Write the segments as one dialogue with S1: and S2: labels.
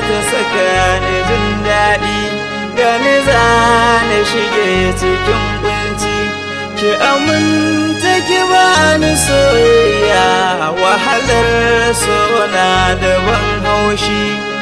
S1: ta saka ni jin daɗi gani za na shige cikin kunci ki aminta ki bani soyayya wahalar sona da ban haushi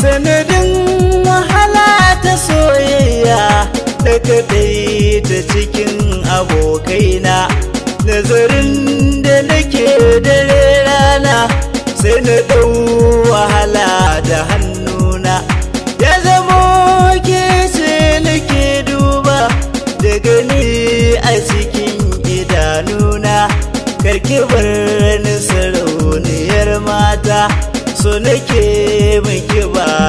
S2: sanadin wahala ta soyayya da ɗaya ta cikin abokaina nazarin da nake dare rana sai na ɗau wahala da hannuna ya zamo ke ce nake duba da gani a cikin idanuna karki bar ni sarauniyar mata so nake mai I.